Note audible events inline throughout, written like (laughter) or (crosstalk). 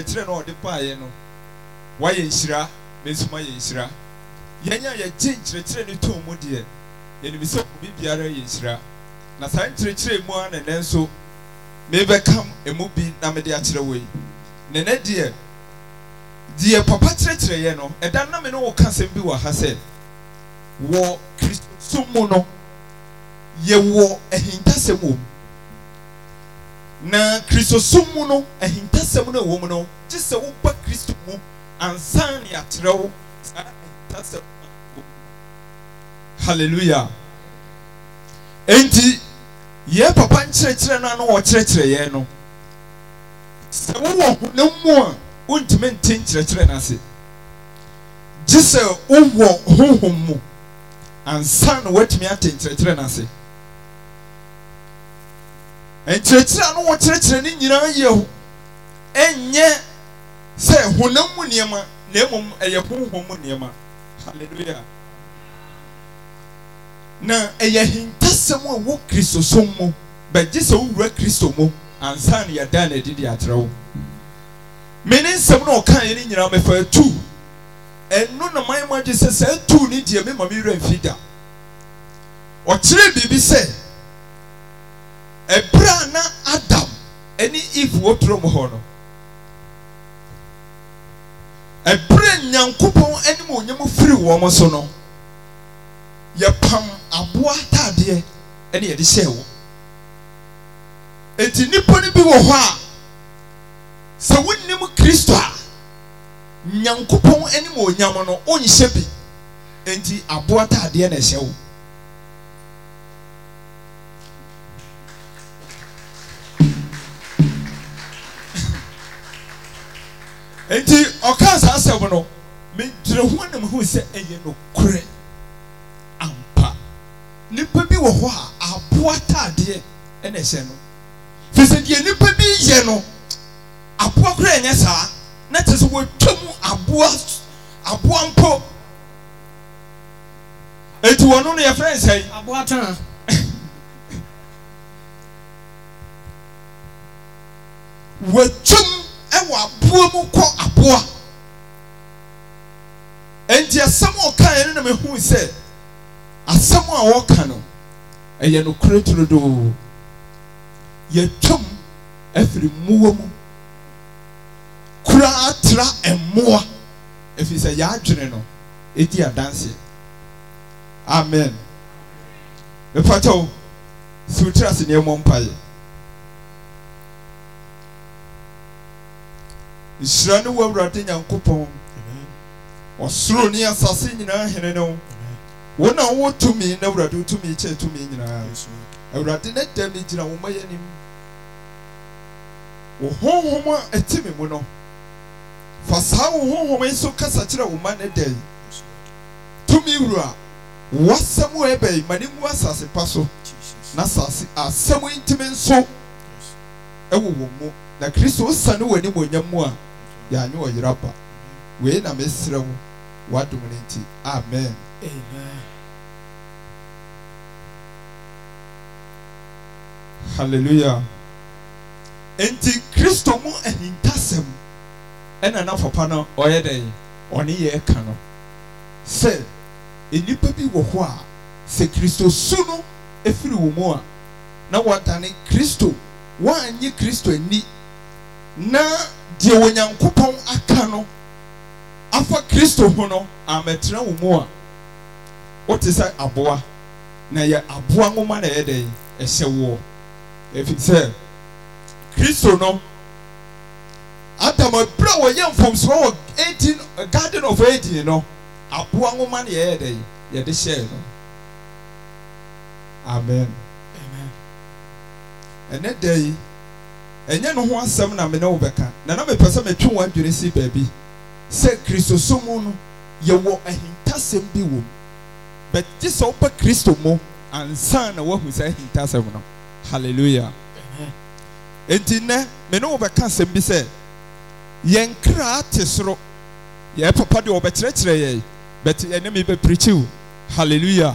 nkyerɛkyerɛ na ɔde paeɛ no wayɛ nhyira mesu ma yɛ nhyira yɛn a yɛgye nkyerɛkyerɛ no tom mu deɛ yɛnim sɛ obi biara yɛ nhyira na saa nkyerɛkyerɛ mu a nenɛ nso mebɛkam emu bi na mede akyerɛ wɔ yi nenɛ deɛ deɛ papa kyerɛkyerɛeɛ no ɛda na me ne wo ka bi wɔ ha sɛ wɔ kristo som mu no yɛwɔ ahintasɛm wɔ mu na kristoso mu no ahintasɛm no wɔmu no gye sɛ woba kristomu ansane atyrɛ wo ahɛ halleluya enti yɛ papa nkyerɛkyerɛ no ana wɔkyerɛkyerɛeɛ no sɛ wowɔ honammu a wontimi ntim nkyerɛkyerɛ no ase gye sɛ wowɔ hohom mu ansane woatumi ate nkyerɛkyerɛ no ase nkyerɛkyerɛ a no wɔ kyerɛkyerɛ ne nyinaa yɛ nyɛ sɛ honam mu nnoɔma na m yɛ hohɔ mu nnoɔma halela n yɛ henksɛm awɔ kristosom mu bɛgye sɛ wowura kristo mu ansanyɛdandideɛ akyrɛ wo mene nsɛm no ɔkaɛne nyina mɛfa tuu no nama magye sɛ saatuu ne deɛ mema me erɛmfida ɔkyerɛ biribi sɛ ɛbrɛ a na adam ɛne eve wɔ turo mu hɔ no ɛbrɛ nyankopɔn anim onyam firi wɔn so no yɛpam aboa ataadeɛ ɛne yɛde hyɛ wɔ eti nipa no bi wɔ hɔ a sɛ wonim kristo a nyankopɔn anim onyam no ɔnhyɛ bi eti aboa ataadeɛ na ɛhyɛ wɔ. nti ɔka saa asɛm no medwerɛ ho nam hu sɛ ɛyɛ nokorɛ ampa nnipa bi wɔ hɔ a aboa taadeɛ ɛna ɛhyɛ no firi sɛ deɛ nnipa bi yɛ no aboa koraa ɛnyɛ saa na kyerɛ sɛ wɔatwa mu aboa aboa mpo eti wɔn no yɛfrɛ nsɛn. aboa tan. (laughs) wɔatwa mu wɔaboa mu kɔ aboa enti asɛm a ɔkae ɛne namehuu sɛ asɛm a wɔka no ɔyɛ nokoraturodoo yatwam afiri mmoa mu kuraa tra mmoa ɛfiri sɛ yɛadwene no ɔdiadanseɛ amen mepa kyɛwo sirotira ase neɔmɔ mpayɛ nhyira ne wo awurade nyankopɔn ɔsoro ne asase nyinaa hene ne wo na wo tumi na awurade wo tumi kyɛ tumi nyinaa awurade ne dɛm gyina wo ma yɛ anim wo honhom a ɛte me mu no fa saa wo honhom yi so kasa kyerɛ wo ma ne dɛ tumi wura wasɛm wɔ ɛbɛ yi ma ne ngu asase pa so na asase asɛm yi ntumi nso ɛwɔ wɔn mu na kristo osa ne w'animoonya mu a yɛanye ɔyeraba ei namesrɛ h wadom no nti amen amn halleluya enti kristo mu anintasɛm ɛna n' afapa no ɔyɛ dɛ ɔne yɛr ka no sɛ nipa bi wɔ hɔ a sɛ kristo su no ɛfiri wɔ mu a na wɔdane kristo wɔanye kristo ani na deɛ wonyankopɔn aka no afa kristo ho no amatra wɔ mu a wote sɛ aboa na yɛ aboa woma no yɛyɛ dɛyi ɛhyɛ woɔ ɛfiti sɛ kristo no adamberɛ a wɔyɛ mfomso ɔwɔ adn garden of ad no aboa woma ne yɛyɛ dɛ yi yɛde hyɛe no amen ɛnɛ dayi ɛnyɛ no ho asɛm na me ne wo bɛka na na mepɛ sɛ metwe wo adwene si baabi sɛ kristosom no yɛwɔ ahintasɛm bi wɔ mu but gye sɛ wopɛ kristo mu ansa na woahu sɛ ahintasɛm no halleluya enti nnɛ me ne wo bɛka asɛm bi sɛ yɛn kra te soro yɛ papa deɛ wɔbɛkyerɛkyerɛ yɛn but yɛne me bɛpirikyi wo halleluya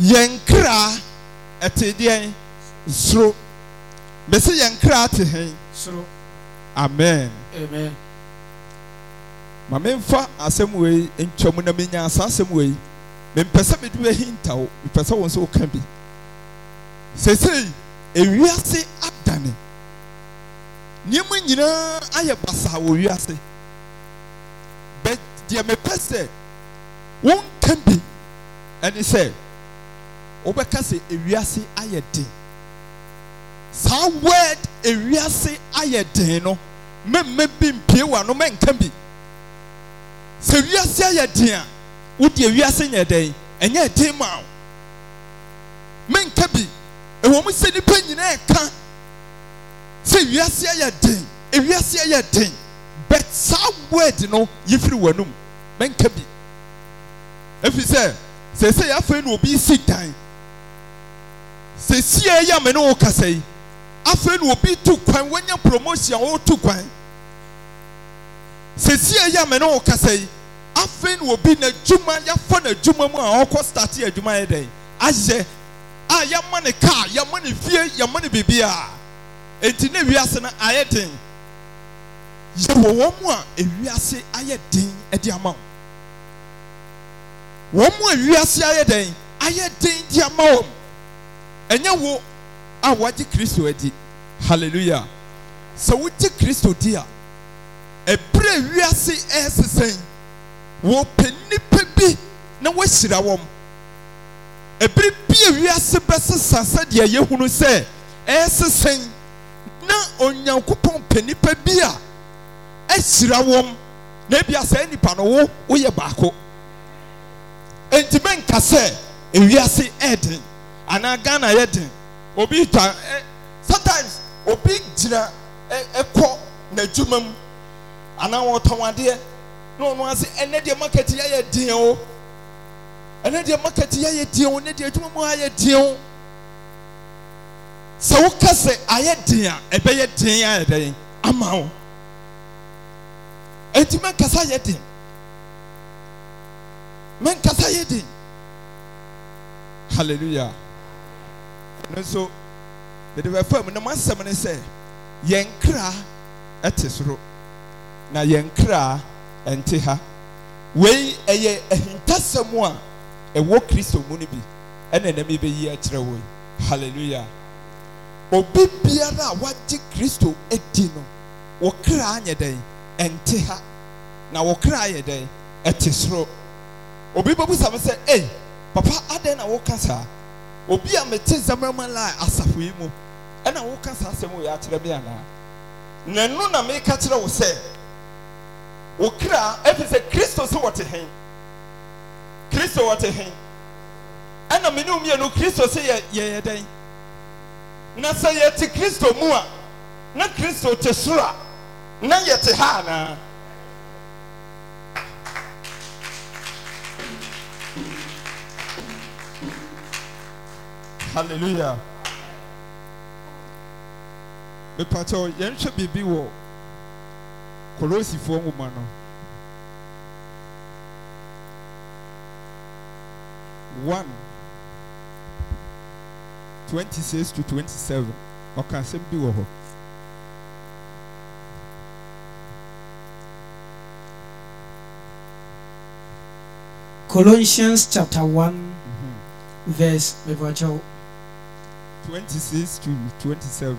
yɛn kra ɛte deɛn soro mesi yɛn kra te hɛn soro amen amen maame nfa asɛm wei ntwam na menya asa asɛm wei mempɛ sɛ mede ahinta wo mepɛ sɛ wo nso woka bi seesei ewiase adane nneɛma nyinaa ayɛ basaa wɔ wiase bɛ deɛ mepɛ sɛ wonka bi ɛne sɛ wobɛka sɛ ewiase ayɛ den saa word ewiase ayɛ den no mmemme bi mpie wɔ ano mɛnka bi sɛ wiase ayɛ den a wodi ewiase nyɛ den ɛnyɛ den ma o mɛnka bi ɛwɔ mu sɛ nipa nyinaa ɛka sɛ wiase ayɛ den ewiase ayɛ den but saa word no yɛfiri wɔn anum mɛnka bi efi sɛ sɛ sɛ yɛafɛ na obi si dan sɛ sie yɛ amene wɔ kasa yi afei na obi tu kwan wanya promotion wotu kwan sesi eyi ame na ɔkasa yi afei na obi na adwuma yafa na adwuma mu a ɔkɔ start adwuma yɛ dɛ ayɛ a yɛma ne kaa yɛma ne fie yɛma ne biribi a eti na wiase no ayɛ den yɛwɔ wɔn mu a ewiase ayɛ den ɛde ama wɔn wɔn mu a ewiase ayɛ den ayɛ den de ama wɔn ɛnyɛ wo a wagye kristo adi hallelujah sɛ wogye kristo di a ɛberɛ a wiase ɛresesɛn wɔpɛ nnipa bi na wɔahyira wɔn ɛberɛ bi a wiase bɛsesa sɛdeɛ yɛhunu sɛ ɛresesɛn na onyankopɔn pɛ nnipa bi a ahyira wɔn na ebia saa nnipa no wo woyɛ baako enti mɛnka sɛ ewiase ɛɛden anaa ghana yɛ den obi gya ɛ eh, sometimes obi gyina ɛ eh, ɛkɔ n'adwuma mu anaa wɔtɔn adeɛ na ɔno ase ɛnɛ deɛ market yɛ ayɛ den o ɛnɛ deɛ market yɛ ayɛ den o ɛnɛ deɛ adwuma mu ayɛ den o sɛ woka sɛ ayɛ den a ɛbɛyɛ den ayɛ den ama wo eti mɛnkasa yɛ den mɛnkasa yɛ den hallelujah no nso mede bɛfa mu na masɛm ne sɛ yɛn kra ɛte soro na yɛn kra ɛnte ha wei ɛyɛ ahintasɛm a ɛwɔ kristo mu no bi ɛna ɛnam yi bɛyi akyerɛ wɔn hallelujah obi biara a wagye kristo adi no wɔkra anyɛ dɛn ɛnte ha na wɔkra ayɛ dɛn ɛte soro obi bɛbusa me sɛ ei papa adɛn na wɔka saa obi a mete zamrama la asafo yi mu ɛna woka saa asɛm yɛ akyerɛ me anaa n'ano na meka kyerɛ wo sɛ wo kra ɛfiri sɛ kristo sɛ wɔte hen kristo wɔte hen ɛna me wo mmienu kristo sɛ yɛ yɛyɛ dɛn na sɛ yɛte kristo mu a na kristo te soro a na yɛte ha anaa hallelujah mepatɛ yɛnhwɛ biribi wɔ korosifoɔ nwoma no one twenty six to twenty seven ɔka asɛm bi wɔ hɔ Colossians chapter 1, mm-hmm. verse, 26 to 27.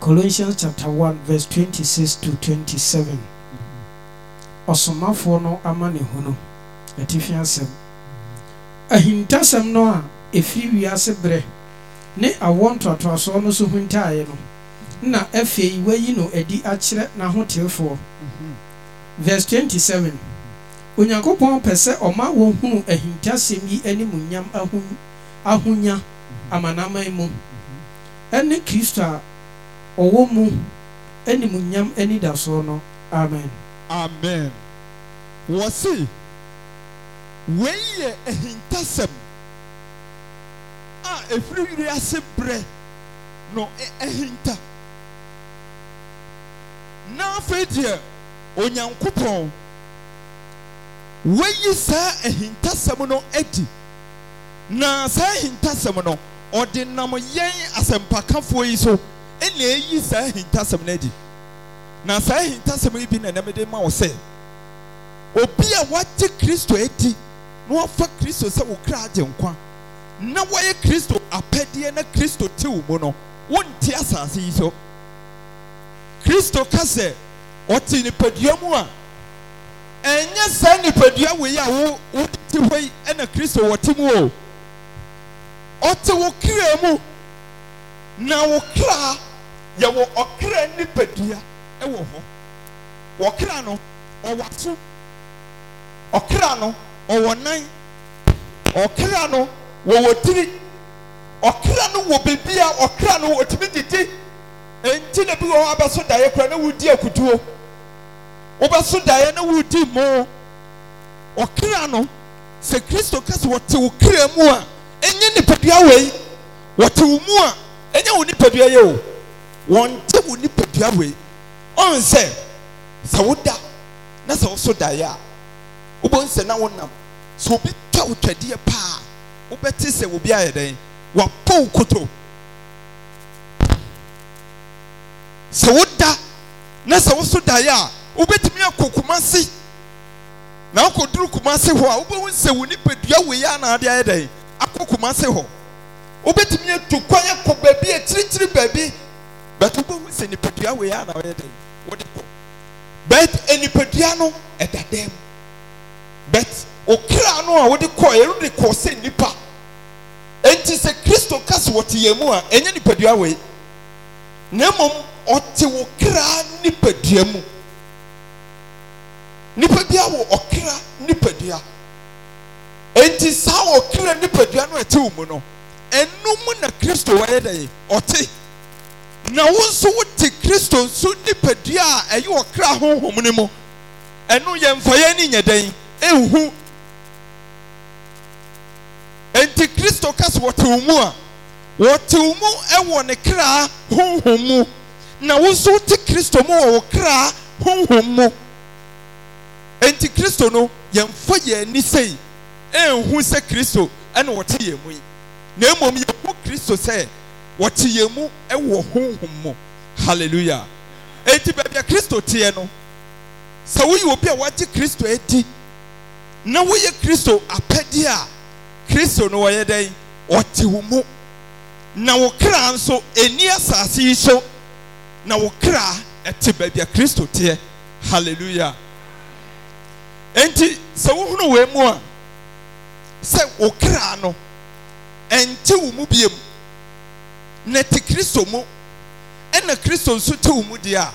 Colossians chapter 1 verse 26 to 27. Mm-hmm. Ɔsomafoɔ no ama ne ho no, ɛtifi asɛm. Ahintasɛm no a ɛfiri wiase berɛ ne awɔ ntoatoasoɔ no so huntaeɛ no, na afei wayi no adi akyerɛ n'ahotefoɔ. Mm-hmm. Verse 27. Onyankopɔn pɛ sɛ ɔma wɔn hunu ahintasɛm yi animuonyam ahonya. ama nnaaman mu ɛne kristo a ɔwɔ mu anim nyam anidaso no amen amen wɔ se weii yɛ ahintasɛm a ɛfiri weri ase berɛ no ahinta na afei deɛ onyankopɔn wɔayi saa ahintasɛm no adi na saa ahintasɛm no ɔde nam yɛn asɛmpakafoɔ yi so ɛna ɛyi saa ahintasɛm no adi na saa ahintasɛm yi bi na ɛnam de ma wɔ sɛ obi a wagye kristo adi na wafa kristo sɛ wo kra agye nkwa na wɔyɛ kristo apɛdeɛ na kristo te wo mu no wonte asase yi so kristo ka sɛ ɔte nipadua mu a ɛnyɛ saa nipadua wei a wo wode te hɔ yi ɛna kristo wɔte mu o ɔte wo kra mu na wo kra yɛwɔ ɔkra nnipadua wɔ ho wɔkra no ɔwɔaso ɔkra no ɔwɔ nan ɔkra no wɔwɔ tiri ɔkra no wɔ bebia ɔkra no wɔtumi titi nti ne bi wɔ hɔ abɛso daeɛ koraa ne wudi akuduo wobɛso daeɛ na wudi mmoo ɔkra no sɛ kristo ka sɛ wɔte wo kra mu a nipadua wei wɔte wo mu a ɛnyɛ wo nipadua yɛ o wɔnte wo nipadua wei ɔn sɛ sɛ woda na sɛ woso daeɛ a wobɛhu sɛ na wonam sɛ obi twa wo twadeɛ paa wobɛte sɛ obi ayɛ dɛn wapɔ koto sɛ woda na sɛ woso daeɛ a wobɛtumi akɔ kuma na wokɔduru kuma se hɔ a wobɛhu sɛ wo nipadua wei a na ade ayɛ dɛn akɔ kumase hɔ wobɛtumi atu kwan akɔ baabi akyirikyiri baabi bɛtɛ wobɛhu se nipadua wei a na wɔyɛ dɛn wode kɔ bɛt nipadua no ɛda dɛm bɛt okra no a wode kɔ ɛno de kɔ sɛ nipa enti sɛ kristo ka so wɔte yɛn mu a ɛnyɛ nipadua wei na mmom ɔte wo kra nipadua mu nipa bi ɔkra nipadua enti saa ɔkra nipadua ɛtew mu no ɛnum na kristo wɔyɛ dɛ ɔte na wo nso wote kristo nso nipadua a ɛyɛ ɔkra honhom no mu ɛno yɛmfa yɛn ni nyɛ dɛn ehu nti kristo kasa wɔte wo mu a wɔte wo mu ɛwɔ ne kra honhom mu na wo nso wote kristo mu wɔ wo kra honhom mu nti kristo no yɛmfa yɛn ani sɛi ehu sɛ kristo ɛna wɔte yɛn mu yi na mmom yɛhu kristo sɛ wɔte yɛn mu wɔ honhom mu hallelujah eti baabi a kristo teɛ no sɛ woyɛ obi a wagye kristo adi na woyɛ kristo apɛdeɛ a kristo no wɔyɛ dɛn ɔte wo mu na wo kra nso ɛni asase yi so na wo kra ɛte baabi a kristo teɛ hallelujah enti sɛ wohunu wɔ mu a sɛ wo kra no ɛnte wo mu biem ne te kristo mu ɛna kristo nso tɛ wo mu deɛ a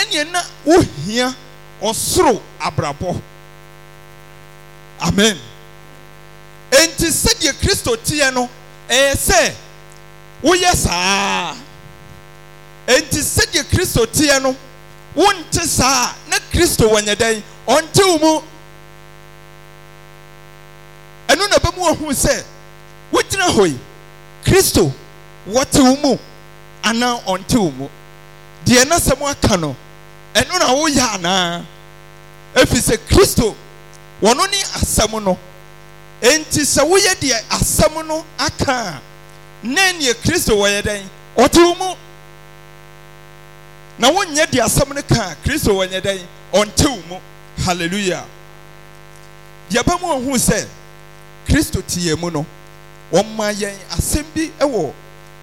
ɛneɛ na wohia ɔsoro abrabɔ amen enti sɛdeɛ kristo teɛ no ɛyɛ sɛ woyɛ sa a enti sɛdeɛ kristo teɛ no wonte saa a ne kristo wɔ nyɛ dɛn ɔnte wo mu ɛno na bɛmu ɔhu sɛ wogyina hɔ yi kristo wɔte wo mu anaa ɔnte wo mu deɛ n'asɛm aka no ɛno na woyɛ anaa ɛfiri sɛ kristo wɔno ne asɛm no enti sɛ woyɛ deɛ asɛm no aka a na neɛ kristo wɔyɛ dɛn ɔte wo mu na wonyɛ deɛ asɛm no ka a kristo wɔnyɛ dɛn ɔnte wo mu hallelujah yɛbɛmu ɔhu sɛ kristo teɛ mu no wɔma yɛn asɛm bi wɔ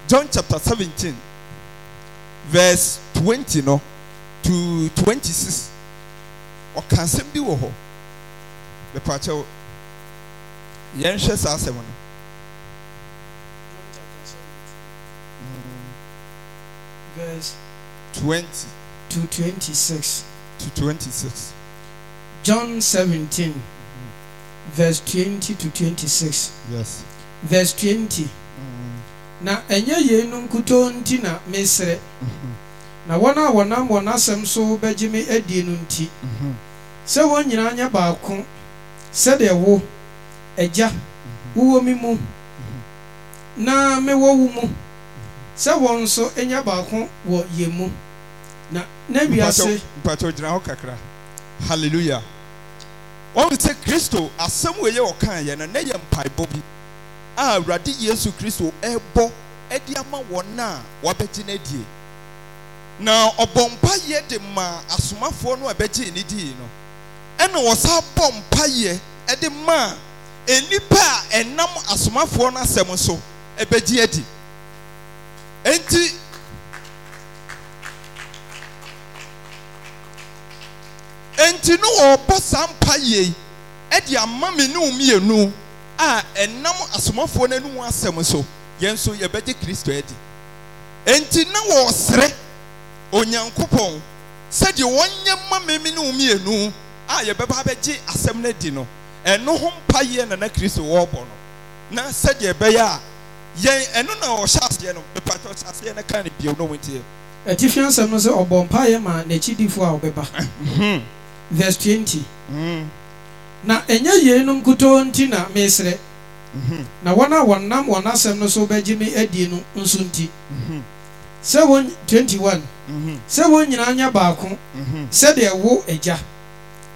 john chapter seventeen verse twenty no to twenty six ɔka asɛm bi wɔ hɔ bɛpaakyɛw yɛnhwɛ saa asɛm no mm. verse 20 to 26 to 26 john 17 verse twenty to twenty six. yes. verse twenty. Mm-hmm. na ɛnyɛ yeinom kutoo nti na mesrɛ mm-hmm. na wɔn a wɔnam wɔn asɛm so bɛgye me adie no nti mm-hmm. sɛ wɔn nyinaa nyɛ baako sɛdeɛ wo agya wowɔ mi mu na mewɔ wo mu sɛ wɔn nso nyɛ baako wɔ yɛn mu na na wiase. mpatɔ mpatɔ gyina hɔ kakra hallelujah wɔn sɛ kristo asɛm wɔ yɛ ɔkan yɛ no ne yɛ mpaebɔ bi a awurade yesu kristo ɛrebɔ ɛde ama wɔn a wɔabɛgye no na ɔbɔ mpayɛ de ma asomafoɔ no a ɛbɛgye ne dii no ɛna wɔsan bɔ mpayɛ ɛde ma nnipa a ɛnam asomafoɔ no asɛm so ɛbɛgye adi nti enti no ɔrebɔ saa mpa yie ɛde ama me ne mmienu a ɛnam asomafoɔ no anim asɛm so yɛn nso yɛbɛgye kristo adi enti na wɔresere onyankopɔn sɛdeɛ wɔnyɛ ma me me ne mmienu a yɛbɛba abɛgye asɛm no adi no ɛno ho mpa yie na na kristo wɔrebɔ no na sɛdeɛ ɛbɛyɛ a yɛn ɛno na ɔhyɛ aseɛ no mepatɛ ɔhyɛ aseɛ no ka ne bio no mu tie ɛtifi asɛm no sɛ ɔbɔ mpa yɛ ma n'akyidifoɔ a ɔbɛba verse 20 mm. na ɛnyɛ yeinom kutoo nti na mesrɛ mm-hmm. na wɔn a wɔnam wɔn asɛm no so bɛgye me adie no nso nti mm-hmm. sɛ wɔn 21 mm-hmm. sɛ wɔn nyinaa nyɛ baako sɛdeɛ wo agya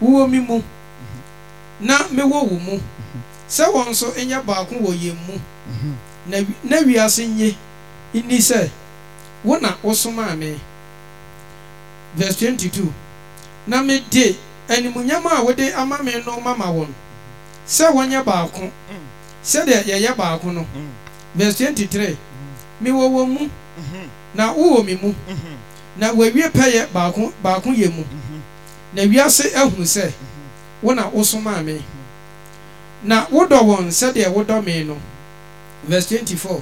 wowɔ mi mu na mewɔ wo mu sɛ wɔn nso nyɛ baako wɔ yɛn mu na wiase nye nni sɛ wo na wosomaa me verse 22 na mede animuonyam a wode ama me no mama wɔn sɛ wɔnyɛ baako mm. sɛdeɛ yɛyɛ baako no mm. verse twenty three mewɔ wɔn mu mm-hmm. na wowɔ mi mu mm-hmm. na wɔawie pɛyɛ baako baako yɛ mu mm-hmm. na wiase ahunu sɛ wo na wosomaa me na wodɔ wɔn sɛdeɛ wodɔ me no verse twenty four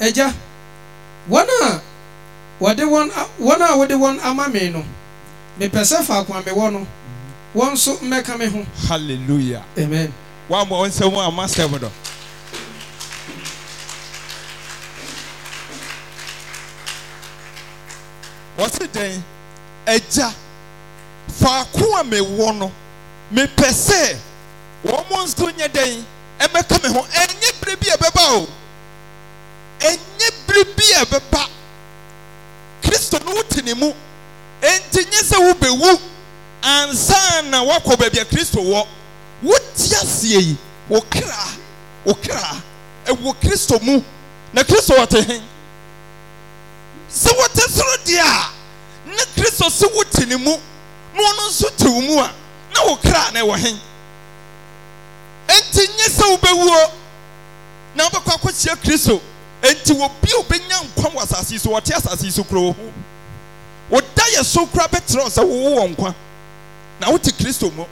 agya wɔn a wɔde wɔn wɔn a wɔde wɔn ama me no mepɛ sɛ faako a mewɔ no wɔn nso mmɛka me ho hallelujah amen wɔn a wɔn nsɛm a master mu dɔ. wɔsi dɛn ɛgya faako a mewɔ no mepɛ sɛ wɔn nso nyɛ dɛn ɛmɛka me ho ɛnyɛ bere a ɛbɛba o ɛnyɛ bere a ɛbɛba kristo no wote ne mu enti nye sɛ wobɛwu ansa na woakɔ baabi a kristo wɔ wote aseɛ yi wo kra wo kra ɛwɔ kristo mu na kristo wɔte he sɛ wɔte soro deɛ a na kristo sɛ wote ne mu na ɔno nso te wo mu a na wo kra na ɛwɔ he enti nye sɛ wobɛwuo na wobɛkɔ akɔkyia kristo enti wɔbi a wobɛnya nkwa wɔ asase so wɔte asase so kuro woda yɛ so kora bɛkyerɛ sɛ wowo wɔ nkwa na wote kristo mu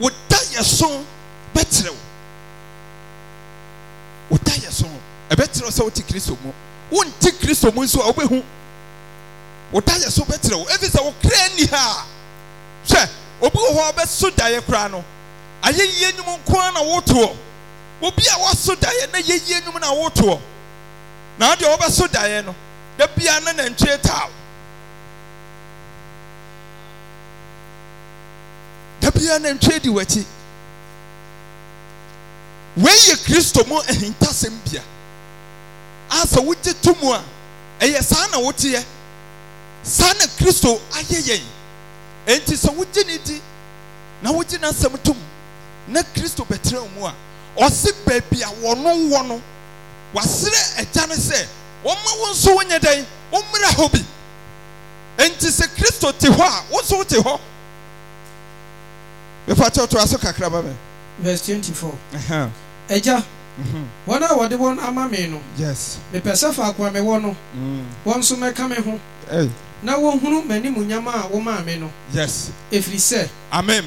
woda yɛ so bɛkyerɛ wo woda yɛ so ɛbɛkyerɛ sɛ wote kristo mu wonte kristo mu nso a wobɛhu woda yɛ so bɛkyerɛ wo ɛfiri sɛ wo kra ni ha a hwɛ obi wɔ hɔ a ɔbɛso daeɛ koraa no ayɛyie nnwom nko ara na wotoɔ obi a waso daeɛ na yɛyie nnwom na wotoɔ na adeɛ wɔbɛso daeɛ no da bia na nantwie taw da bia nantwie di w'akyi wei yɛ kristo mu ahintasɛm bia a wogye to mu a ɛyɛ saa na woteɛ saa na kristo ayɛ yɛn enti sɛ wogye ne di na wogye n'asɛm to mu na kristo bɛtena mu a ɔse baabi a wɔno wɔ no wasrɛ agya ne sɛ wɔmma wo nso wonyɛ dɛn wommra hɔ bi enti sɛ kristo te hɔ a wo nso wote hɔ mefa kyɛwtoa so kakra ma me verse 24 agya mhm. wɔn a wɔde wɔn ama me no mepɛ sɛ faako a mewɔ no mm. wɔn nso mɛka me ho na wɔhunu m'animuonyam a womaa me Yes. ɛfiri sɛ amen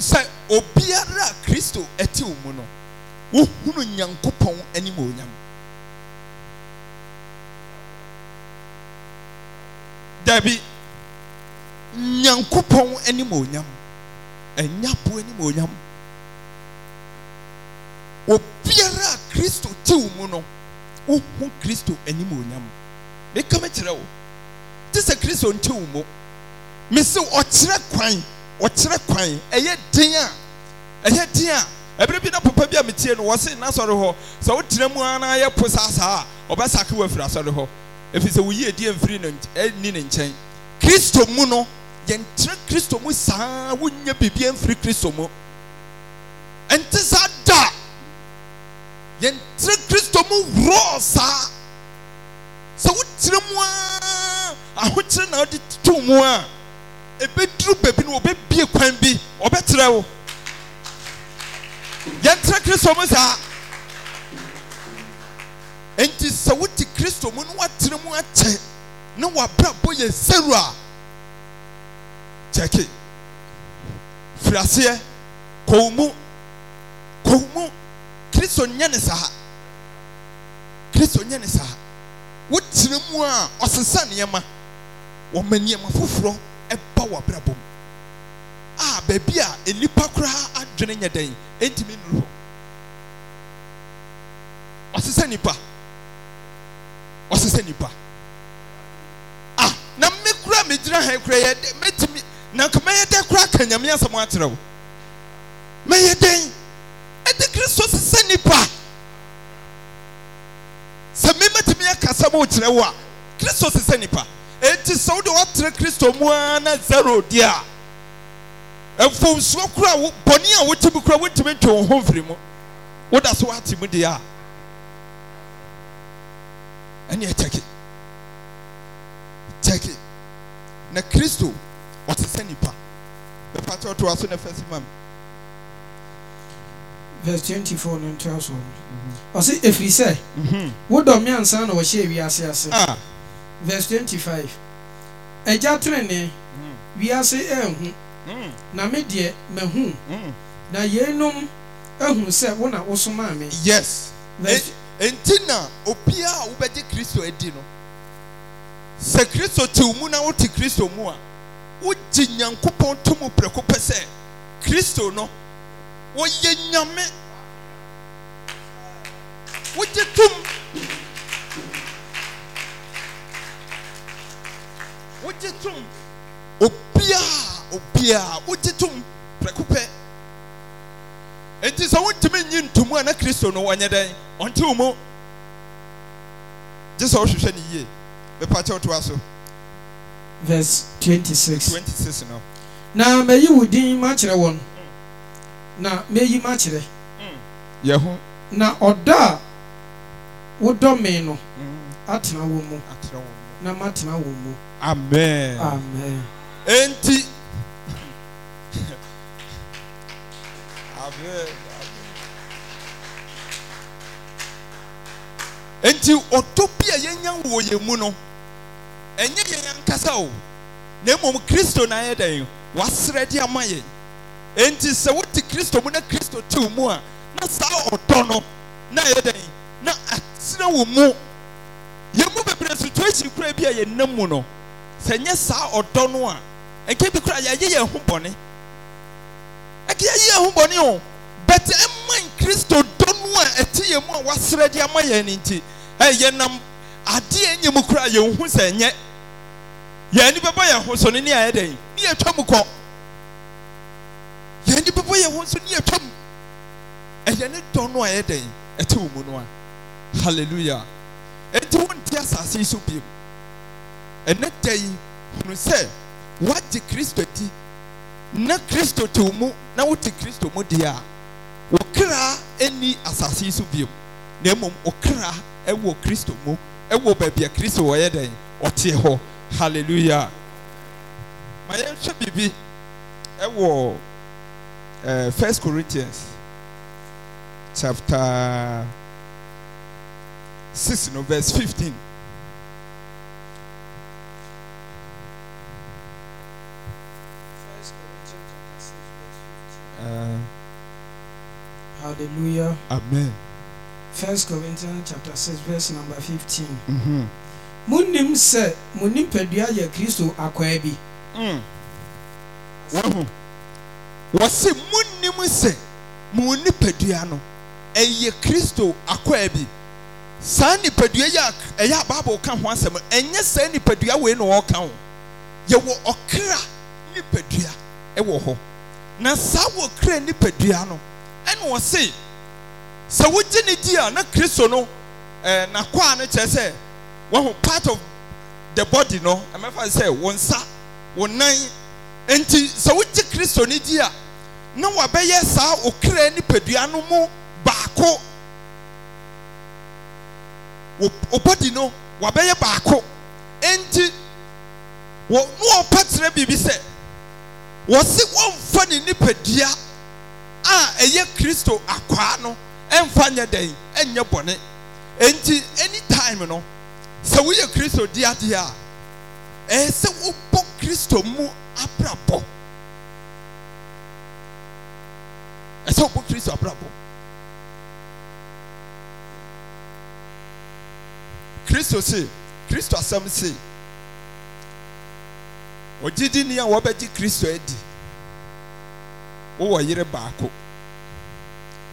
sɛ obiara a kristo ɛte wo mu no wohunu nyankopɔn nyamu. dabi nyankopɔn anim onyam ɛnyapo anim onyam obiara a kristo te wo mu no wohu kristo anim onyam meka mekyerɛ wo te sɛ kristo nte wo mu mese ɔkyerɛ kwan ɔkyerɛ kwan ɛyɛ den a ɛyɛ den a ɛberɛ bi na papa bi a metie no wɔse nasɔre hɔ sɛ wotena mu ara na yɛ po saa saa a ɔbɛsake wafiri asɔre hɔ ɛfiri sɛ woyi edi mfiri no ɛni ne nkyɛn kristo mu no yɛntere kristo mu saa wonya biribi mfiri kristo mu ɛnte saa da yɛntere kristo mu worɔ saa sɛ wotire mu a ahokyere na wode to mu a ɛbɛduru baabi no wɔbɛbie kwan bi ɔbɛtrɛ wo yɛntere kristo mu saa nti sɛ wote kristo mu na watene mu akyɛ na wabrabɔ yɛ nsɛru a kyɛke firi aseɛ mu kɔn mu kristo nyɛ ne saa kristo nyɛ ne saa wotene mu a ɔsesa nneɛma wɔma nneɛma foforɔ ɛba wabrabɔ mu a baabi a nnipa koraa adwene nyɛ dɛn ntumi nnuru hɔ ɔsesa nnipa. ɔsɛ sɛ nipa ah na mme kura me gyina ha kura yɛ dɛ mɛtumi na nka mɛyɛ dɛ kura ka nyame asɛm akyerɛw mɛyɛ dɛn ɛde kristo sɛ nipa sɛ mmɛtumi sɛ mo kyerɛ wo a kristo sɛ nipa eti sɛ wode watere kristo mu ara na zero deɛ a mfomsuo kura bɔne a wotumi kura wotumi ntwe wo ho mfiri mu woda so woate mu deɛ a. ɛne ɛkyɛke kyɛke na kristo ɔte sɛ nipa bɛpa kyɛ ɔtoa so na fɛsi ma me verse twenty four no ntoa so mhm. ɔse ɛfiri sɛ mi mhm. ansa na wɔhyɛ wiase ase ah. verse twenty five agya tenene mm. wiase ɛnhu mm. na me deɛ mahu mm. na yeinom ahu sɛ wo na wosomaa me yes verse eh, nti na obiara a wobɛgye kristo adi no sɛ kristo te wo mu na wote kristo mu a wogye nyankopɔn to mu prɛko pɛ sɛ kristo no wɔyɛ nyame wogye tom wogye tom obiara obiara wogye tom prɛko pɛ nti sɛ wontumi nyi ntom a na kristo no ɔnyɛ dɛn ɔnte wo mu gye sɛ wohwehwɛ ne yie mepakyɛ wo toa so verse 26 26 no na mayi wo din makyerɛ wɔn na meyi makyerɛ yɛ ho na ɔdɔ a wodɔ me no mm-hmm. atena wo mu na matena wo mu amen amen enti (laughs) amen nti ɔdɔ bi a yɛnya wɔ yɛn mu no ɛnyɛ yɛn ankasa o na mmom kristo na ayɛ dɛn wasrɛ de ama yɛn nti sɛ wote kristo mu na kristo te wo mu a na saa ɔdɔ no na ayɛ dɛn na atena wo mu yɛn mu bebree situation kura bi a yɛnam mu no sɛ nyɛ saa ɔdɔ no a ɛnkɛ bi kura yɛayɛ yɛn ho bɔne ɛkɛ yɛayɛ yɛn ho bɔne o bɛtɛ ɛman e kristo dɔ no a ɛte yɛn mu a wasrɛ de ama yɛn ne nti yɛnam adeɛ nyɛ mu koraa yɛn ho sɛ nyɛ yɛn ani bɛbɔ yɛn ho so ne ne ayɛ dɛn ne yɛtwa mu kɔ yɛn ani bɛbɔ yɛn ho so ne yɛtwa mu ɛyɛ ne dɔ no ayɛ dɛn ɛte wɔn mu no a e hallelujah eti wɔn ti asase yi so biem ɛnɛ dɛ yi hunu sɛ wagye kristo ti na kristo te mu na wote kristo mu deɛ a wɔkra ani e asase yi so biem na mmom wɔkra ɛwɔ kristo mu ɛwɔ baabi a kristo ɔyɛ dɛn ɔte hɔ hallelujah ma yɛnhwɛ biribi ɛwɔ ɛɛ eh, first corinthians chapter six no verse fifteen. Eh. Hallelujah. Amen. First Corinthians chapter six verse number fifteen. Mm-hmm. Munim sɛ mo nipadua yɛ Kristo akwaa bi. Mm. Wɔn wɔsi munim sɛ mo nipadua no ɛyɛ Kristo akwaa bi. Saa nipadua yɛ ɛyɛ abaabaw ka ho asɛm ɛnyɛ saa nipadua wei na ɔka ho yɛwɔ ɔkra nipadua ɛwɔ hɔ na saa wɔ nipadua no ɛna wɔsi sɛ wogye ne di a na kristo no ɛɛ eh, n'akɔa no kyerɛ sɛ wɔn part of the body no ɛmɛfa sɛ wɔn nsa wɔn nan nti sɛ wogye kristo ne di a na wabɛyɛ saa okra nipadua no mu baako wɔ body no wabɛyɛ baako nti wɔ no ɔpɛ kyerɛ biribi sɛ wɔsi wɔnfa ne nipadua a ɛyɛ kristo akɔa no ɛnfa nyɛ dɛn ɛnyɛ bɔne enti anytime no sɛ woyɛ kristo di adeɛ a ɛyɛ sɛ wobɔ kristo mu abrabɔ ɛsɛ wobɔ kristo abrabɔ kristo se kristo asɛm se ogyidini a wɔbɛgye kristo adi wowɔ yere baako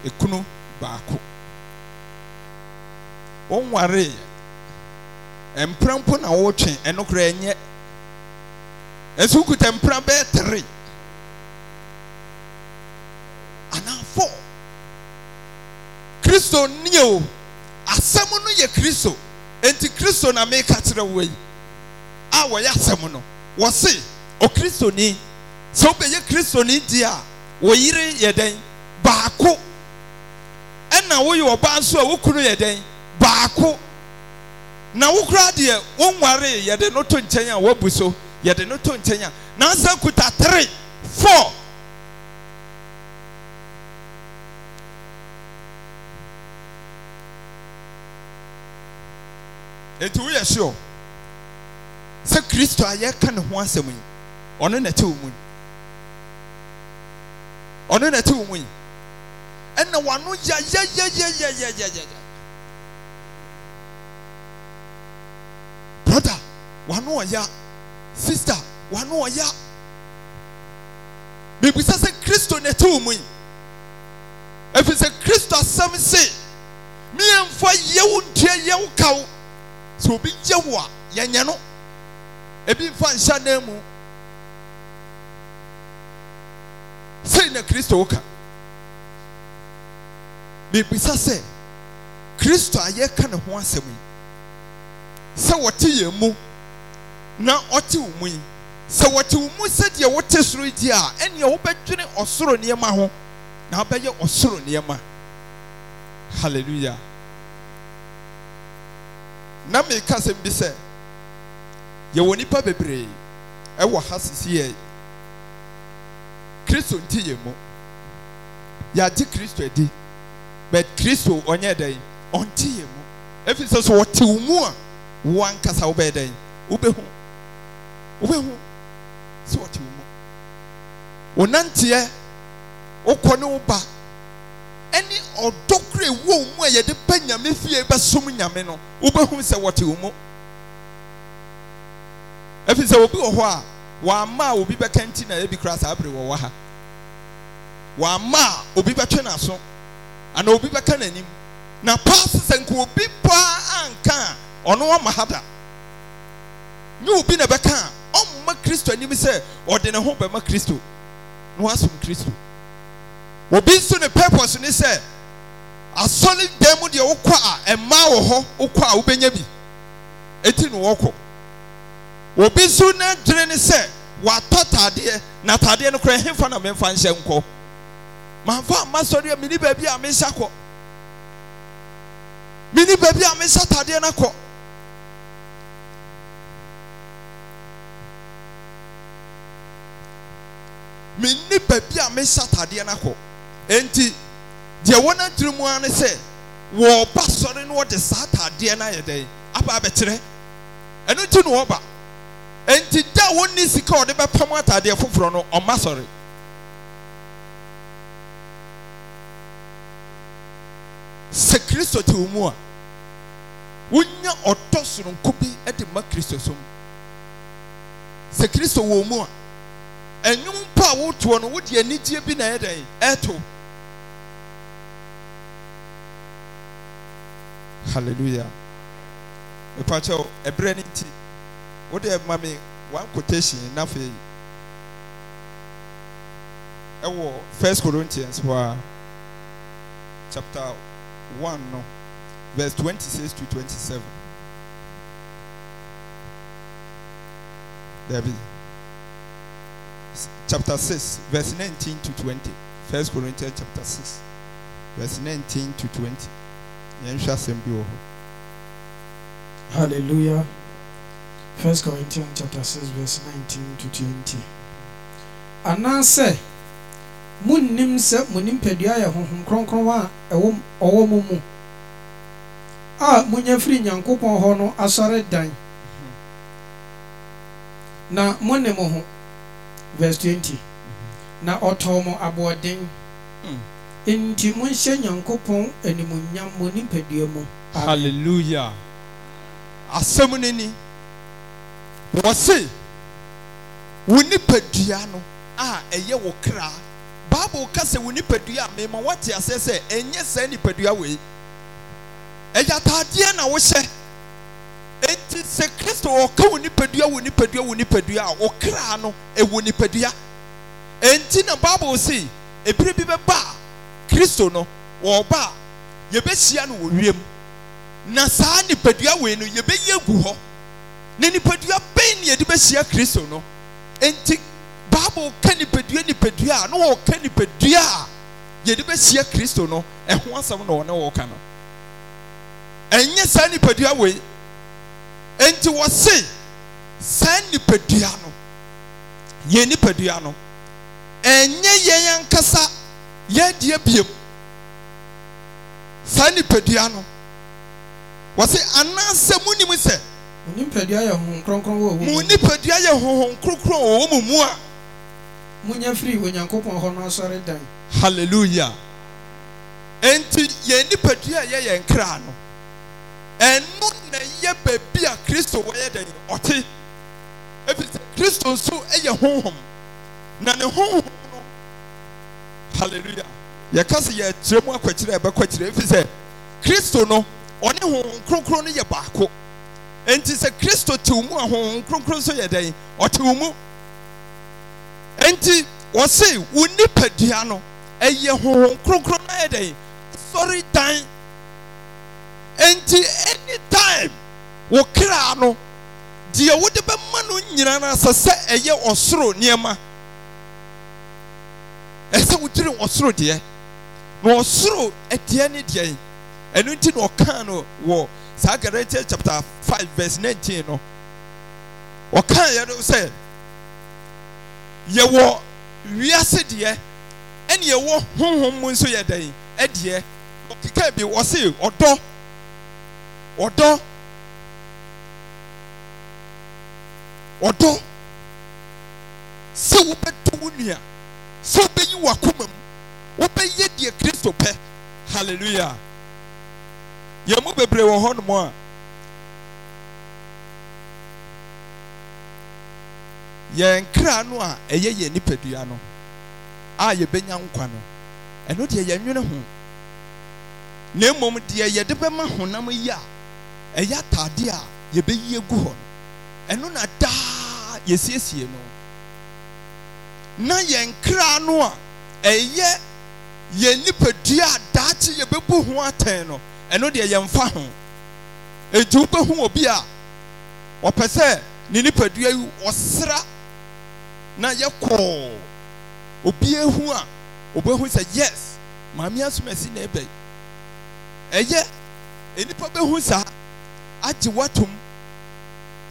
ekunu baako wɔnware mpra na wɔretwe ɛno koraa ɛnyɛ nso kuta mpra bɛyɛ tere anaa fo kristo nie o asɛm no yɛ kristo enti kristo na meka kyerɛ wo yi a wɔyɛ asɛm no wɔse ɔkristoni sɛ wobɛyɛ kristoni di a wɔyere yɛ dɛn baako ɛna woyɛ ɔbaa nso a wokunu yɛ dɛn baako na wokura deɛ wonware yɛde no to nkyɛn a wabu so yɛde no to nkyɛn a nansa kuta three four eti woyɛ sure sɛ kristo a yɛka ne ho asɛm yi ɔno na ɛte wo mu yi ɔno na ɛte wo mu yi ɛna wano yɛyɛyɛyɛyɛyɛyɛ broda wano ɔya sista wano ɔya bibisa sɛ kristo na ɛte wɔ mu yi ɛfiri sɛ kristo asɛm se miɛmfa yɛwo ntua yɛwo kaw sɛ obi gye wo a yɛnyɛ no ebi mfa nhyɛ nan mu sei na kristo wo ka mebisa sɛ kristo a yɛka ne ho asɛm yi sɛ wɔte yɛn mu na ɔte wo mu yi sɛ wɔte wo mu sɛdeɛ wote soro yi a ɛnneɛ wobɛdwene ɔsoro nneɛma ho na wobɛyɛ ɔsoro nneɛma hallelujah na meka asɛm bi sɛ yɛwɔ nipa bebree ɛwɔ ha sisi yɛ kristo nti yɛn mu yɛagye kristo adi but kristo ɔnyɛ dɛn ɔnte yɛ mu efi sɛ so wɔte wo mu a wo ankasa wobɛyɛ dɛn wobɛhu wobɛhu sɛ wɔte wo mu wonanteɛ wokɔ ne wo ba ɛne ɔdɔ kura ewu wo mu a yɛde pɛ nyame fie bɛsom nyame no wobɛhu sɛ wɔte wo mu efi sɛ obi wɔ hɔ a wama obi bɛka na ebi kura saa abiri wɔ wɔ ha wama obi bɛtwe n'aso. ana obi bɛka n'anim na paul sɛ nka obi paa anka a ɔno ɔma ha da nyɛ obi na bɛka a ɔmma kristo anim sɛ ɔde ne ho bɛma kristo na wasom kristo obi nso ne purpose ne sɛ asɔre dan mu deɛ wokɔ a mmaa wɔ hɔ wokɔ a wobɛnya bi ɛti ne wɔkɔ obi nso n'adwene ne sɛ watɔ tadeɛ na tadeɛ no koraa ɛhefa na memfa nhyɛ nkɔ mamfa amma sɔre a mini baabi a mehyɛ kɔ mini baabi a mehyɛ tadeɛ no kɔ mini baabi a mehyɛ tadeɛ no kɔ enti deɛ wɔn atiri mu ara ne sɛ wɔɔba sɔre no wɔde saa tadeɛ no ayɛ dɛ aba abɛkyerɛ ɛno ti na wɔba enti da wɔn ni sika a wɔde bɛpam atadeɛ foforɔ no ɔma sɔre. sɛ kristo te wo mu a wonya ɔtɔ soronko bi de ma kristo so mu sɛ kristo wɔ mu a ɛnwom pa a wotoɔ no wode anigyeɛ bi na ɛyɛ ɛto hallelujah mepakyɛw ɛberɛ no nti wode ma me one quotation na afei ɛwɔ first corinthians hɔ a chapter 1, verse 26 to 27. David. Chapter 6, verse 19 to 20. 1 Corinthians chapter 6, verse 19 to 20. Hallelujah. 1 Corinthians chapter 6, verse 19 to 20. Anansi. munnim sɛ mo nimpadua yɛ honhom kronkron a ɛwɔ ɔwɔ mo mu a monya firi nyankopɔn hɔ no asɔre dan na mo ne mo ho verse 20 na ɔtɔɔ mo aboɔden nti monhyɛ nyankopɔn animuonyam mo nimpadua mu hallelujah asɛm no ni wɔse wo nipadua no a ɛyɛ wo kraa bible ka sɛ wo nipadua a mema wate aseɛ sɛ ɛnyɛ saa nipadua wei ɛyɛ ataadeɛ na wohyɛ enti sɛ kristo ɔka wo nipadua wo nipadua wo nipadua a ɔkra no ɛwɔ nipadua enti na bible se ebire bi bɛba ba kristo no wɔɔba a yɛbɛhyia no wɔ wiem na saa nipadua wei no yɛbɛyɛ gu hɔ na nipadua bɛn ni yɛde bɛhyia kristo no enti bible ka nipadua nipadua a na wɔka nipadua a yɛde bɛhyia kristo no ɛho asɛm na ɔne wɔka no ɛnyɛ saa nipadua wei enti wɔse saa nipadua no yɛn nipadua no ɛnyɛ yɛn ankasa yɛadeɛ biem saa nipadua no wɔse anaasɛ munim sɛ mu nipadua yɛ honhom kronkron wɔ mu mu nipadua yɛ honhom kronkron wɔ mu mu a munya firi onyankopɔn hɔ no asɔre dan hallelujah enti yɛn nipadua a yɛn kra no ɛno na ɛyɛ baabi a kristo wɔyɛ dɛn ɔte efi sɛ kristo nso ɛyɛ e honhom na ne honhom no hallelujah yɛka sɛ yɛakyerɛ mu akwakyerɛ a ɛbɛkwakyerɛ ɛfiri no ɔne honhom kronkron no yɛ baako enti sɛ kristo te wo mu a honhom kronkron nso yɛ dɛn ɔte wo mu nti wɔse wo nipadua no ɛyɛ honhom kronkron na ɛdɛn sɔre dan nti anytime wo kra no deɛ wode bɛma no nyinaa no asɛ sɛ ɛyɛ ɔsoro nneɛma ɛsɛ wodwiri ɔsoro deɛ na ɔsoro deɛ ne deɛ ɛno nti na ɔkaa no wɔ saa galatians chapter five verse nineteen no ɔkaa yɛ no sɛ yɛwɔ wiase deɛ ɛne yɛwɔ honhom mu nso yɛ dɛn ɛdeɛ ɔkeka bi wɔse ɔdɔ ɔdɔ ɔdɔ sɛ wobɛdɔ wo nua sɛ wobɛyi w'akoma mu wobɛyɛ deɛ kristo pɛ hallelujah yɛn mu bebree wɔ hɔnom a yɛn kra no a ɛyɛ yɛn nipadua no a yɛbɛnya nkwa no ɛno deɛ yɛnwene ho na mmom deɛ yɛde bɛma honam yi a ɛyɛ ataade a yɛbɛyi egu hɔ no ɛno na daa yɛsiesie no na yɛn kra no a ɛyɛ yɛn nipadua a daakye yɛbɛbu ho atɛn no ɛno deɛ yɛmfa ho edu bɛhu obi a ɔpɛ sɛ ne nipadua yi ɔsra na yɛkɔɔ obi ehu a obehu sɛ yes maame asomasi na ɛbɛ ɛyɛ enipa behu saa agye watom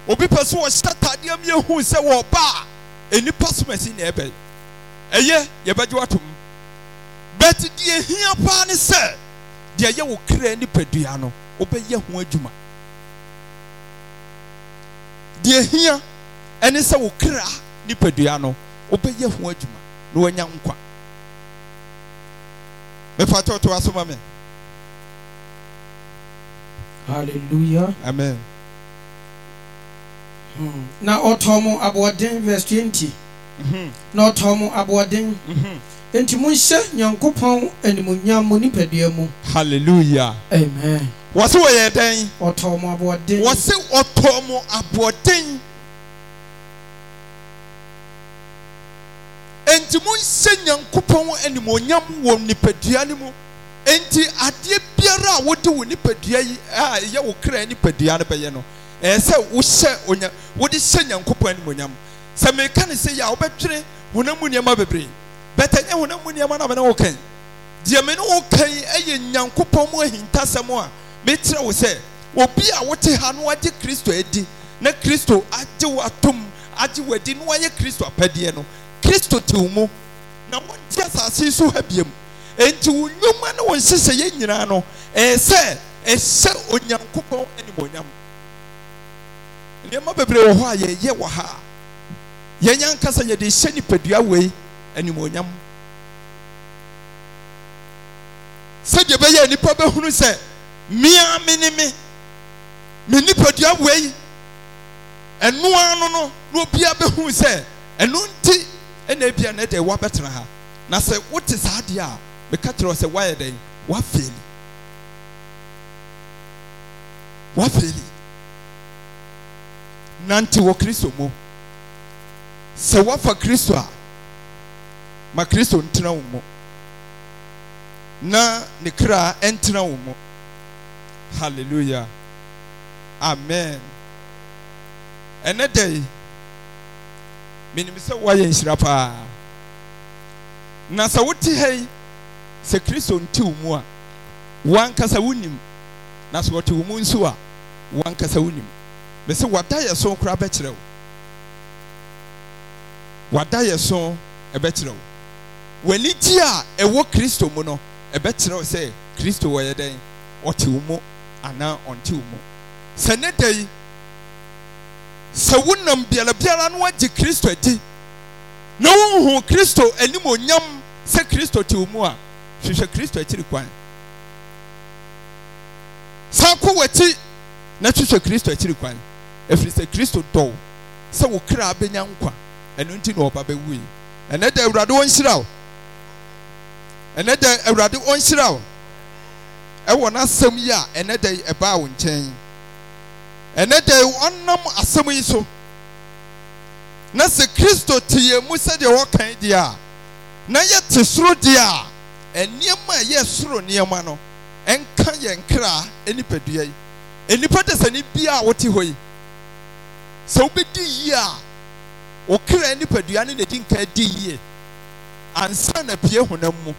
obi pɛ so wɔhyɛ ataadeɛ mi ehu sɛ wɔɔba a enipa asomasi na ɛbɛ ɛyɛ yɛbɛgye watom bɛti deɛ hia paa ne sɛ deɛ yɛ wɔ kra nipadua no wɔbɛyɛ ho adwuma deɛ hia ɛne sɛ wɔ kra nipadua no wobɛyɛ ho adwuma na wanya nkwa mefa kyɛw to wasoma me hallelujah amen hmm. na ɔtɔ mo aboɔden verse 20 mm-hmm. na ɔtɔ mo aboɔden mm -hmm. enti monhyɛ nyankopɔn animuonyam mo nipadua mu hallelujah amen wɔse wɔyɛ dɛn ɔtɔ mo aboɔden wɔse ɔtɔ mo aboɔden enti monhyɛ nyankopɔn animonyam wɔ nipadua no mu nti adeɛ biara a wode wo nipadua yi a ɛyɛ wo kra nipadua no bɛyɛ no ɛyɛ sɛ wohyɛ onya wode hyɛ nyankopɔn animonyam sɛ meka ne sɛ yɛ a wobɛtwere honam mu nneɛma bebree bɛtɛ nyɛ honam mu nneɛma no amene wo kan deɛ me ne wo kan ɛyɛ nyankopɔn mu ahintasɛm a mekyerɛ wo sɛ obi a wote ha no agye kristo adi na kristo agye wo atom agye wo adi na wayɛ kristo apɛdeɛ no kristo tew mu na wɔnte asase so ha biam enti wo nnwuma ne wo nhyehyɛeɛ nyinaa no ɛyɛ sɛ ɛhyɛ onyankopɔn animonyam nneɛma bebree wɔ hɔ a yɛyɛ wɔ ha a yɛn ankasa yɛde hyɛ nipadua wei animonyam sɛdeɛ bɛyɛ nipa bɛhunu sɛ mmea me ne me me nipadua wei ɛnoa no no na obiara bɛhunu sɛ ɛno nti ɛna ebia ne de wabɛtena ha na sɛ wote saa adeɛ a meka kyerɛ sɛ wayɛ dɛn wafeeli wafeeli nante wɔ kristo mu sɛ wafa kristo a ma kristo ntena wo mu na ne kra ɛntena wo mu hallelujah amen ɛnɛ dɛ yi menim sɛ woayɛ nhyira paa na sɛ wote ha yi sɛ kristo nte wo mu a woankasa wonim na sɛ wɔte wo mu nso a woankasa wonim me sɛ wada yɛ so koraa bɛkyerɛ wo wada yɛ so ɛbɛkyerɛ wo w'ani a ɛwɔ kristo mu no ɛbɛkyerɛ wo sɛ kristo wɔyɛ dɛn ɔte wo mu anaa ɔnte wo mu sɛ ne da yi sɛ wonam biara biara no wagye kristo adi na wohu kristo anim onyam sɛ kristo te wo mu a hwehwɛ kristo akyiri kwan san kɔ w'akyi na hwehwɛ kristo akyiri kwan ɛfiri sɛ kristo dɔw sɛ wo kra bɛnya nkwa ɛno nti na ɔba bɛwui ɛnɛ dɛ awurade wɔnhyira wo ɛnɛ dɛ awurade wɔnhyira wo ɛwɔ n'asɛm yi a ɛnɛ dɛ ɛbaa wo nkyɛn ɛnɛ da ɔnam asɛm yi so na sɛ kristo te yɛn mu sɛdeɛ wɔkan deɛ a na yɛte soro deɛ a nneɛma a yɛ soro nneɛma no ɛnka yɛn kra nipadua yi nipa te sɛ ne bia a wote hɔ yi sɛ wobɛdi yie a wo nipadua ne na di nka di yie ansa na pie honam mu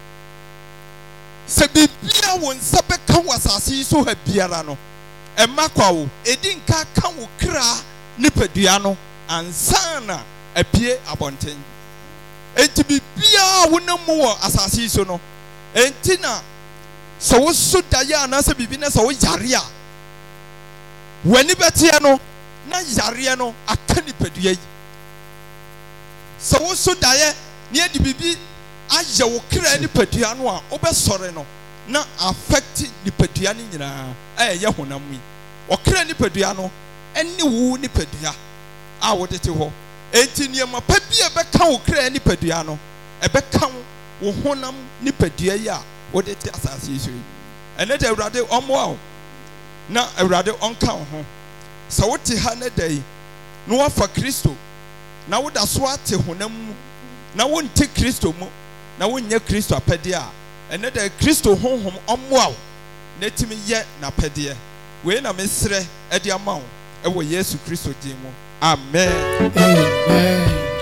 sɛ biribia wo nsa bɛka wɔ asase yi so ha biara no ɛma kwa wo ɛdi nka ka wo kra nipadua no ansa na apie abɔnten enti biribiara wonam mu wɔ asase yi so no enti na sɛ woso daeɛ anaasɛ biribi na sɛ woyare a w'ani bɛteɛ no na yareɛ no aka nipadua yi sɛ woso daeɛ na yɛde biribi ayɛ wo kra nipadua no a wobɛsɔre no na affect nipadua no nyinaa ɛyɛ honam yi ɔkra nipadua no ɛne wo nipadua a wɔde te hɔ eti nneɛma pa bi a ɛbɛka wo kra nipadua no ɛbɛka wo honam nipadua yi a wɔde te asase yi so yi ɛnɛ de awurade ɔmmoa wo na awurade ɔnka wo ho sɛ wote ha ne da yi na wafa kristo na woda so ate honam mu na wonte kristo mu na wonyɛ kristo apɛdeɛ a ɛnɛ dɛ kristo honhom ɔmmoa wo na tumi yɛ n'apɛdeɛ wei na mesrɛ ɛde ama wo ɛwɔ yesu kristo din mu amen. amen.